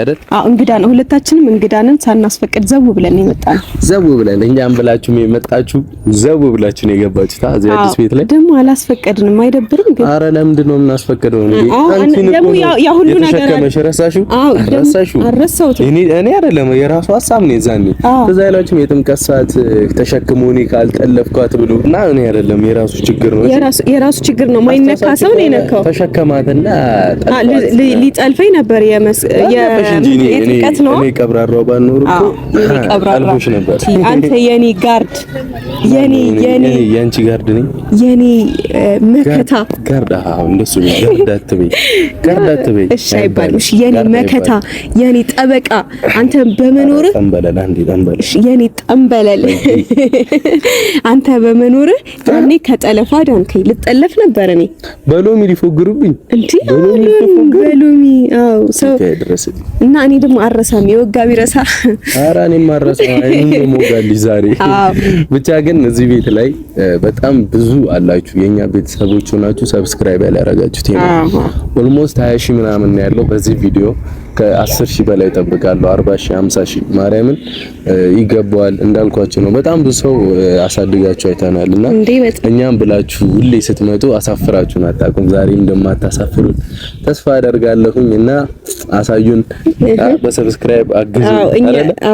አይደል? አዎ እንግዳ ነው። ሁለታችንም እንግዳንን ሳናስፈቅድ ዘው ብለን የመጣን ዘው ብለን እኛም ብላችሁም የመጣችሁ ዘው ብላችሁ ነው የገባችሁት እዚህ አዲስ ቤት ላይ ደግሞ አላስፈቀድንም። አይደብርም ግን? ኧረ ለምንድን ነው የምናስፈቅደው? ያ ሁሉ ነገር እኔ አይደለም የራሱ ሀሳብ ነው የዛኔ ከዛ ያላችሁም የጥምቀት ሰዓት ተሸክሞ እኔ ካልጠለፍኳት ብሎ እና እኔ አይደለም የራሱ ችግር ነው የራሱ ችግር ነው። ማይነካ ሰው ነው የነካው። ተሸከማትና ሊጠልፈኝ ነበር የ ነሽ እንጂ እኔ እኔ ቀብራራው ባልኖር እኮ አልፎሽ ነበር። አንተ የኔ ጋርድ የኔ የኔ የአንቺ ጋርድ ነኝ የኔ መከታ ጋርድ። አዎ እንደሱ ጋርድ አትበይ፣ ጋርድ አትበይ እሺ አይባልም። እሺ የኔ መከታ የኔ ጠበቃ አንተ በመኖርህ ጠንበለል፣ አንዴ ጠንበለል፣ እሺ የኔ ጠንበለል አንተ በመኖርህ ያኔ ከጠለፋ ዳንከኝ። ልጠለፍ ነበር እኔ በሎሚ ሊፎግሩብኝ እንዴ በሎሚ አዎ ሰው እና እኔ ደግሞ አረሳም የወጋ ቢረሳ ኧረ እኔም አረሳ እኔም ወጋልሽ ዛሬ። ብቻ ግን እዚህ ቤት ላይ በጣም ብዙ አላችሁ የኛ ቤተሰቦች ሆናችሁ ሰብስክራይብ ያላረጋችሁት ኦልሞስት 20 ሺህ ምናምን ያለው በዚህ ቪዲዮ ከአስር ሺህ በላይ ይጠብቃሉ። አርባ ሺህ ሃምሳ ሺህ ማርያምን ይገባዋል። እንዳልኳቸው ነው። በጣም ብዙ ሰው አሳድጋችሁ አይተናልና እኛም ብላችሁ ሁሌ ስትመጡ አሳፍራችሁን አታውቁም። ዛሬ እንደማታሳፍሩን ተስፋ አደርጋለሁኝ እና አሳዩን፣ በሰብስክራይብ አግዙ።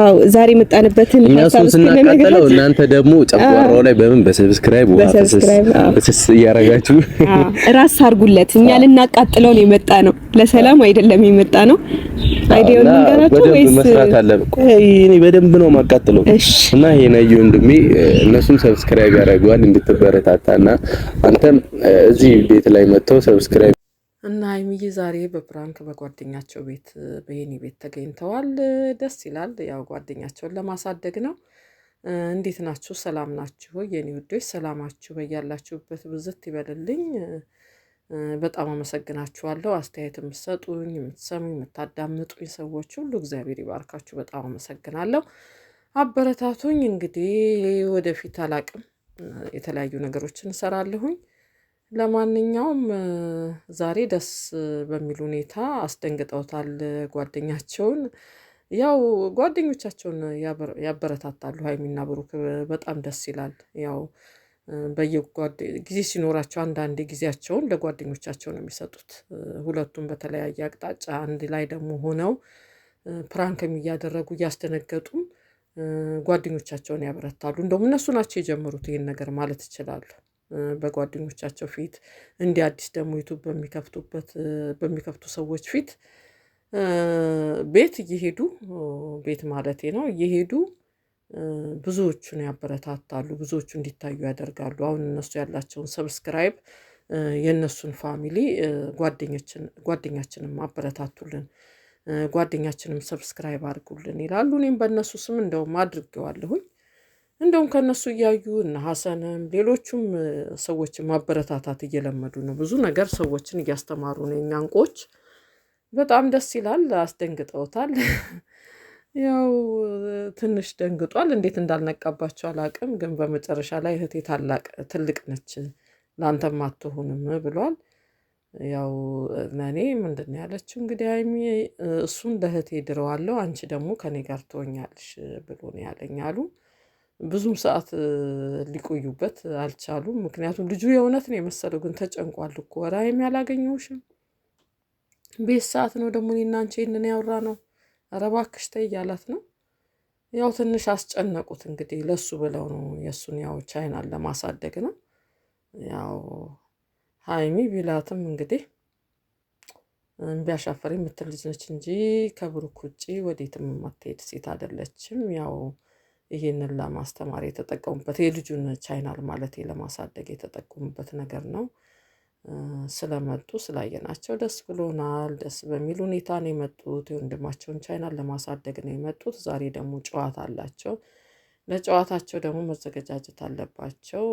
አዎ ዛሬ መጣንበትን ሀሳብ ስናቃጥለው እናንተ ደግሞ ጨጓራው ላይ በምን በሰብስክራይብ ውሃ እያረጋችሁ ራስ አርጉለት። እኛ ልናቃጥለው ነው የመጣ ነው፣ ለሰላም አይደለም የመጣ ነው። አይዲያውን ልንገራችሁ ወይስ መስራት አለበት? እኔ በደንብ ነው የማቃጥለው። እና ይሄ ነው ወንድሜ፣ እነሱም ሰብስክራይብ ያደርገዋል እንድትበረታታና አንተም እዚህ ቤት ላይ መጥተው ሰብስክራይብ እና ሀይሚዬ ዛሬ በፕራንክ በጓደኛቸው ቤት በሄኒ ቤት ተገኝተዋል። ደስ ይላል። ያው ጓደኛቸውን ለማሳደግ ነው። እንዴት ናችሁ? ሰላም ናችሁ? የኔ ውዶች ሰላማችሁ በያላችሁበት ብዝት ይበልልኝ። በጣም አመሰግናችኋለሁ። አስተያየት የምትሰጡኝ፣ የምትሰሙኝ፣ የምታዳምጡኝ ሰዎች ሁሉ እግዚአብሔር ይባርካችሁ። በጣም አመሰግናለሁ። አበረታቱኝ። እንግዲህ ወደፊት አላቅም የተለያዩ ነገሮችን እንሰራለሁኝ። ለማንኛውም ዛሬ ደስ በሚል ሁኔታ አስደንግጠውታል ጓደኛቸውን። ያው ጓደኞቻቸውን ያበረታታሉ ሀይሚና ብሩክ በጣም ደስ ይላል ያው በየጊዜ ሲኖራቸው አንዳንዴ ጊዜያቸውን ለጓደኞቻቸው ነው የሚሰጡት። ሁለቱም በተለያየ አቅጣጫ አንድ ላይ ደግሞ ሆነው ፕራንክም እያደረጉ እያስደነገጡም ጓደኞቻቸውን ያበረታሉ። እንደውም እነሱ ናቸው የጀመሩት ይህን ነገር ማለት ይችላሉ በጓደኞቻቸው ፊት እንዲህ አዲስ ደግሞ ዩቱብ በሚከፍቱበት በሚከፍቱ ሰዎች ፊት ቤት እየሄዱ ቤት ማለቴ ነው እየሄዱ ብዙዎቹን ያበረታታሉ፣ ብዙዎቹ እንዲታዩ ያደርጋሉ። አሁን እነሱ ያላቸውን ሰብስክራይብ የእነሱን ፋሚሊ ጓደኛችንም አበረታቱልን፣ ጓደኛችንም ሰብስክራይብ አድርጉልን ይላሉ። እኔም በእነሱ ስም እንደውም አድርገዋለሁኝ። እንደውም ከእነሱ እያዩ እነ ሀሰንም ሌሎቹም ሰዎች ማበረታታት እየለመዱ ነው። ብዙ ነገር ሰዎችን እያስተማሩ ነው። የእኛ እንቆች በጣም ደስ ይላል። አስደንግጠውታል። ያው ትንሽ ደንግጧል። እንዴት እንዳልነቃባቸው አላቅም፣ ግን በመጨረሻ ላይ እህቴ ታላቅ ትልቅ ነች ለአንተም አትሆንም ብሏል። ያው ለእኔ ምንድን ነው ያለችው እንግዲህ ሀይሚ እሱን ለእህቴ ድረዋለሁ፣ አንቺ ደግሞ ከኔ ጋር ትሆኛለሽ ብሎ ነው ያለኝ አሉ። ብዙም ሰዓት ሊቆዩበት አልቻሉም። ምክንያቱም ልጁ የእውነት ነው የመሰለው፣ ግን ተጨንቋል እኮ ኧረ ሀይሚ አላገኘሁሽም፣ ቤት ሰዓት ነው ደግሞ እኔና አንቺ ይህንን ያወራ ነው ኧረ እባክሽ ተይ እያላት ነው። ያው ትንሽ አስጨነቁት እንግዲህ ለሱ ብለው ነው የእሱን ያው ቻይናን ለማሳደግ ነው። ያው ሀይሚ ቢላትም እንግዲህ እንቢያሻፈር የምትል ልጅ ነች እንጂ ከብሩክ ውጭ ወዴትም የማትሄድ ሴት አይደለችም። ያው ይህንን ለማስተማር የተጠቀሙበት የልጁን ቻይናል ማለት ለማሳደግ የተጠቀሙበት ነገር ነው። ስለመጡ ስላየናቸው ደስ ብሎናል። ደስ በሚል ሁኔታ ነው የመጡት። የወንድማቸውን ቻይናን ለማሳደግ ነው የመጡት። ዛሬ ደግሞ ጨዋታ አላቸው። ለጨዋታቸው ደግሞ መዘገጃጀት አለባቸው።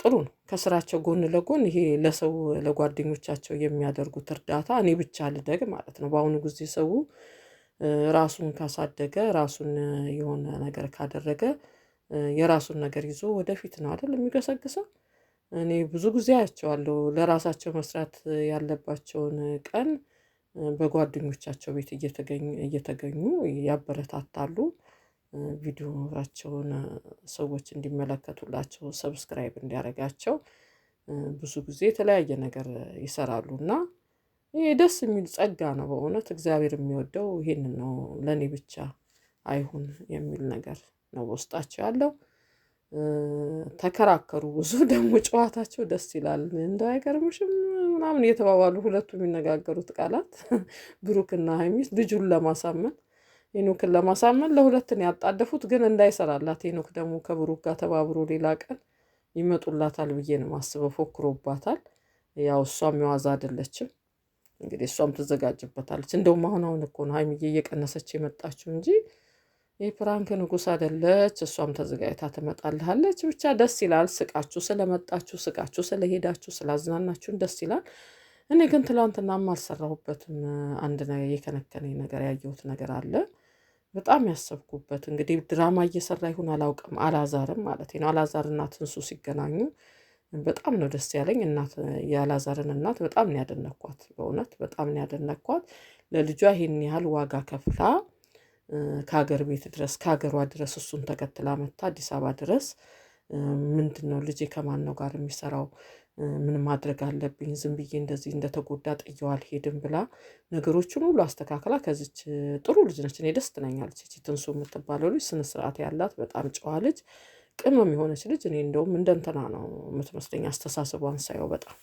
ጥሩ ነው። ከስራቸው ጎን ለጎን ይሄ ለሰው ለጓደኞቻቸው የሚያደርጉት እርዳታ እኔ ብቻ ልደግ ማለት ነው። በአሁኑ ጊዜ ሰው ራሱን ካሳደገ ራሱን የሆነ ነገር ካደረገ የራሱን ነገር ይዞ ወደፊት ነው አይደል የሚገሰግሰው። እኔ ብዙ ጊዜ አያቸዋለሁ ለራሳቸው መስራት ያለባቸውን ቀን በጓደኞቻቸው ቤት እየተገኙ ያበረታታሉ። ቪዲዮቸውን ሰዎች እንዲመለከቱላቸው ሰብስክራይብ እንዲያደርጋቸው ብዙ ጊዜ የተለያየ ነገር ይሰራሉ እና ይህ ደስ የሚል ጸጋ ነው። በእውነት እግዚአብሔር የሚወደው ይሄንን ነው። ለኔ ብቻ አይሁን የሚል ነገር ነው በውስጣቸው ያለው። ተከራከሩ። ብዙ ደግሞ ጨዋታቸው ደስ ይላል። እንደ አይገርምሽም ምናምን እየተባባሉ ሁለቱ የሚነጋገሩት ቃላት ብሩክና ሀይሚስ ልጁን ለማሳመን ሄኖክን ለማሳመን ለሁለትን ያጣደፉት ግን እንዳይሰራላት ሄኖክ ደግሞ ከብሩክ ጋር ተባብሮ ሌላ ቀን ይመጡላታል ብዬ ነው ማስበው። ፎክሮባታል። ያው እሷም የዋዛ አይደለችም። እንግዲህ እሷም ትዘጋጅበታለች። እንደውም አሁን አሁን እኮ ነው ሀይሚዬ እየቀነሰች የመጣችው እንጂ የፕራንክ ንጉስ አይደለች። እሷም ተዘጋጅታ ትመጣልሃለች። ብቻ ደስ ይላል። ስቃችሁ ስለመጣችሁ ስቃችሁ ስለሄዳችሁ ስላዝናናችሁን ደስ ይላል። እኔ ግን ትላንትናም አልሰራሁበትም። አንድ የከነከነኝ ነገር ያየሁት ነገር አለ። በጣም ያሰብኩበት እንግዲህ ድራማ እየሰራ ይሁን አላውቅም። አላዛርም ማለት ነው። አላዛርና ትንሱ ሲገናኙ በጣም ነው ደስ ያለኝ። እናት የአላዛርን እናት በጣም ነው ያደነኳት። በእውነት በጣም ነው ያደነኳት። ለልጇ ይህን ያህል ዋጋ ከፍላ ከሀገር ቤት ድረስ ከሀገሯ ድረስ እሱን ተከትላ መጥታ አዲስ አበባ ድረስ ምንድን ነው ልጄ ከማን ነው ጋር የሚሰራው? ምን ማድረግ አለብኝ? ዝም ብዬ እንደዚህ እንደተጎዳ ጥየው አልሄድም ብላ ነገሮችን ሁሉ አስተካክላ ከዚች ጥሩ ልጅ ነች። እኔ ደስ ትለኛለች። ይቺ ትንሱ የምትባለው ልጅ ስነ ስርዓት ያላት በጣም ጨዋ ልጅ፣ ቅመም የሆነች ልጅ። እኔ እንደውም እንደ ነው የምትመስለኝ አስተሳሰቧን ሳየው በጣም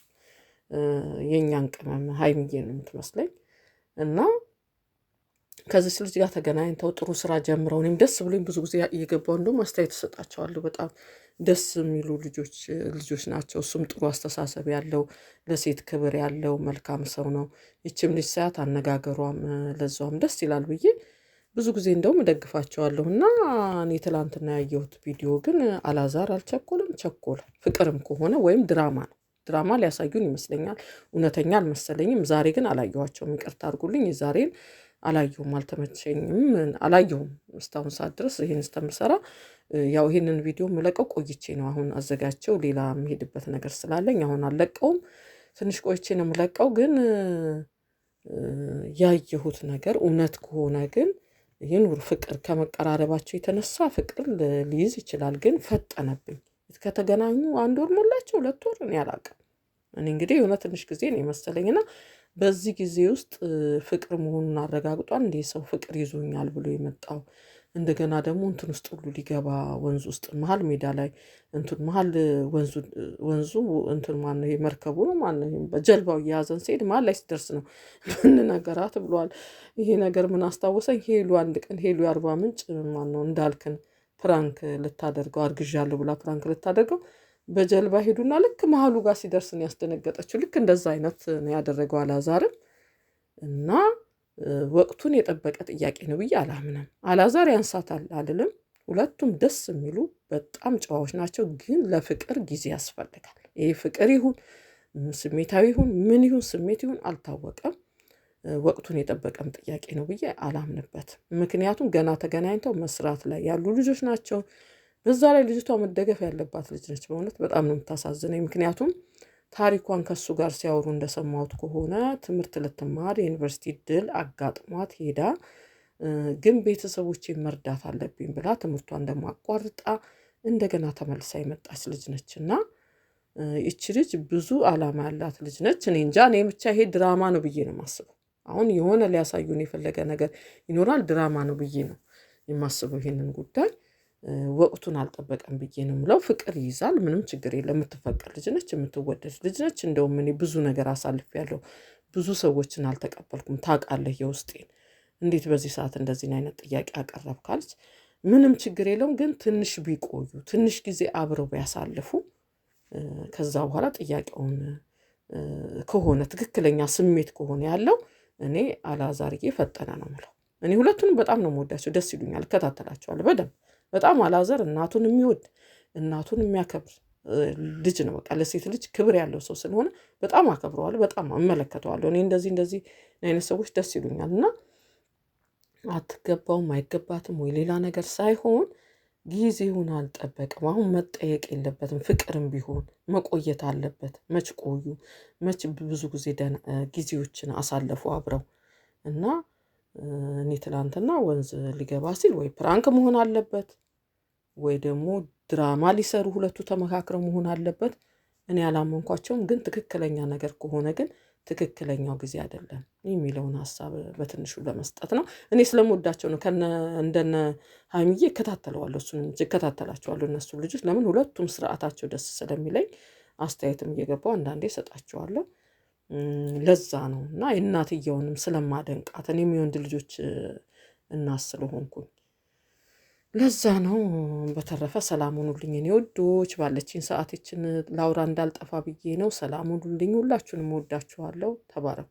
የእኛን ቅመም ነው የምትመስለኝ እና ከዚህ ልጅ ጋር ተገናኝተው ጥሩ ስራ ጀምረው እኔም ደስ ብሎኝ ብዙ ጊዜ እየገባው እንደውም አስተያየት እሰጣቸዋለሁ። በጣም ደስ የሚሉ ልጆች ልጆች ናቸው። እሱም ጥሩ አስተሳሰብ ያለው ለሴት ክብር ያለው መልካም ሰው ነው። ይችም ልጅ ሳያት አነጋገሯም ለዛም ደስ ይላል ብዬ ብዙ ጊዜ እንደውም እደግፋቸዋለሁ እና እኔ ትላንትና ያየሁት ቪዲዮ ግን አላዛር አልቸኮልም፣ ቸኮለ። ፍቅርም ከሆነ ወይም ድራማ ነው ድራማ ሊያሳዩን ይመስለኛል። እውነተኛ አልመሰለኝም። ዛሬ ግን አላየኋቸውም፣ ይቅርታ አድርጉልኝ ዛሬን አላየሁም፣ አልተመቸኝም፣ አላየሁም እስካሁን ሰዓት ድረስ ይህን ስተምሰራ ያው ይህንን ቪዲዮ ምለቀው ቆይቼ ነው። አሁን አዘጋጀው ሌላ የምሄድበት ነገር ስላለኝ አሁን አልለቀውም። ትንሽ ቆይቼ ነው ምለቀው። ግን ያየሁት ነገር እውነት ከሆነ ግን ይኑር ፍቅር ከመቀራረባቸው የተነሳ ፍቅር ሊይዝ ይችላል። ግን ፈጠነብኝ። ከተገናኙ አንድ ወር ሞላቸው ሁለት ወር እኔ እኔ እንግዲህ የሆነ ትንሽ ጊዜ ነው የመሰለኝ እና በዚህ ጊዜ ውስጥ ፍቅር መሆኑን አረጋግጧል። እንደ ሰው ፍቅር ይዞኛል ብሎ የመጣው እንደገና ደግሞ እንትን ውስጥ ሁሉ ሊገባ ወንዝ ውስጥ መሀል ሜዳ ላይ እንትን መሀል ወንዙ ወንዙ እንትን ማነው የመርከቡ ነው ማነው በጀልባው እየያዘን ሲሄድ መሀል ላይ ሲደርስ ነው ምን ነገራት ብሏል። ይሄ ነገር ምን አስታወሰኝ። ሄሉ አንድ ቀን ሄሉ የአርባ ምንጭ ማነው እንዳልክን ፕራንክ ልታደርገው አርግዣለሁ ብላ ፕራንክ ልታደርገው በጀልባ ሄዱና ልክ መሀሉ ጋር ሲደርስ ነው ያስደነገጠችው። ልክ እንደዛ አይነት ነው ያደረገው አላዛርም እና ወቅቱን የጠበቀ ጥያቄ ነው ብዬ አላምንም። አላዛር ያንሳታል አልልም። ሁለቱም ደስ የሚሉ በጣም ጨዋዎች ናቸው። ግን ለፍቅር ጊዜ ያስፈልጋል። ይህ ፍቅር ይሁን ስሜታዊ ይሁን ምን ይሁን ስሜት ይሁን አልታወቀም። ወቅቱን የጠበቀም ጥያቄ ነው ብዬ አላምንበት ምክንያቱም ገና ተገናኝተው መስራት ላይ ያሉ ልጆች ናቸው። እዛ ላይ ልጅቷ መደገፍ ያለባት ልጅ ነች። በእውነት በጣም ነው የምታሳዝነኝ። ምክንያቱም ታሪኳን ከሱ ጋር ሲያወሩ እንደሰማሁት ከሆነ ትምህርት ልትማር የዩኒቨርሲቲ ድል አጋጥሟት ሄዳ ግን ቤተሰቦቼን መርዳት አለብኝ ብላ ትምህርቷን እንደማቋርጣ እንደገና ተመልሳ የመጣች ልጅ ነች እና ይቺ ልጅ ብዙ አላማ ያላት ልጅ ነች። እኔ እንጃ እኔ ብቻ ይሄ ድራማ ነው ብዬ ነው የማስበው። አሁን የሆነ ሊያሳዩን የፈለገ ነገር ይኖራል ድራማ ነው ብዬ ነው የማስበው ይሄንን ጉዳይ ወቅቱን አልጠበቀም ብዬ ነው የምለው። ፍቅር ይይዛል፣ ምንም ችግር የለም። የምትፈቀር ልጅ ነች፣ የምትወደድ ልጅ ነች። እንደውም እኔ ብዙ ነገር አሳልፍ ያለው ብዙ ሰዎችን አልተቀበልኩም። ታውቃለህ የውስጤን። እንዴት በዚህ ሰዓት እንደዚህን አይነት ጥያቄ አቀረብ ካለች ምንም ችግር የለውም። ግን ትንሽ ቢቆዩ ትንሽ ጊዜ አብረው ቢያሳልፉ ከዛ በኋላ ጥያቄውን ከሆነ ትክክለኛ ስሜት ከሆነ ያለው እኔ አላዛርዬ ፈጠነ ነው ምለው። እኔ ሁለቱንም በጣም ነው የምወዳቸው፣ ደስ ይሉኛል፣ እከታተላቸዋለሁ በደንብ በጣም አላዘር እናቱን የሚወድ እናቱን የሚያከብር ልጅ ነው። በቃ ለሴት ልጅ ክብር ያለው ሰው ስለሆነ በጣም አከብረዋለሁ፣ በጣም እመለከተዋለሁ። እኔ እንደዚህ እንደዚህ አይነት ሰዎች ደስ ይሉኛል። እና አትገባውም፣ አይገባትም ወይ ሌላ ነገር ሳይሆን ጊዜውን አልጠበቅም። አሁን መጠየቅ የለበትም። ፍቅርም ቢሆን መቆየት አለበት። መች ቆዩ፣ መች ብዙ ጊዜ ጊዜዎችን አሳለፉ አብረው እና እኔ ትናንትና ወንዝ ሊገባ ሲል ወይ ፕራንክ መሆን አለበት ወይ ደግሞ ድራማ ሊሰሩ ሁለቱ ተመካክረው መሆን አለበት። እኔ አላመንኳቸውም፣ ግን ትክክለኛ ነገር ከሆነ ግን ትክክለኛው ጊዜ አይደለም የሚለውን ሀሳብ በትንሹ ለመስጠት ነው። እኔ ስለምወዳቸው ነው። ከነ እንደነ ሀይሚዬ እከታተለዋለሁ፣ እሱንም እከታተላቸዋለሁ። እነሱ ልጆች ለምን ሁለቱም ስርዓታቸው ደስ ስለሚለኝ አስተያየትም እየገባው አንዳንዴ እሰጣቸዋለሁ። ለዛ ነው እና የእናትየውንም ስለማደንቃት እኔም የወንድ ልጆች እናት ስለሆንኩኝ ለዛ ነው። በተረፈ ሰላም ሁኑልኝ እኔ ወዶች፣ ባለችን ሰዓት ይችን ላውራ እንዳልጠፋ ብዬ ነው። ሰላም ሁኑልኝ። ሁላችሁንም ወዳችኋለሁ። ተባረኩ።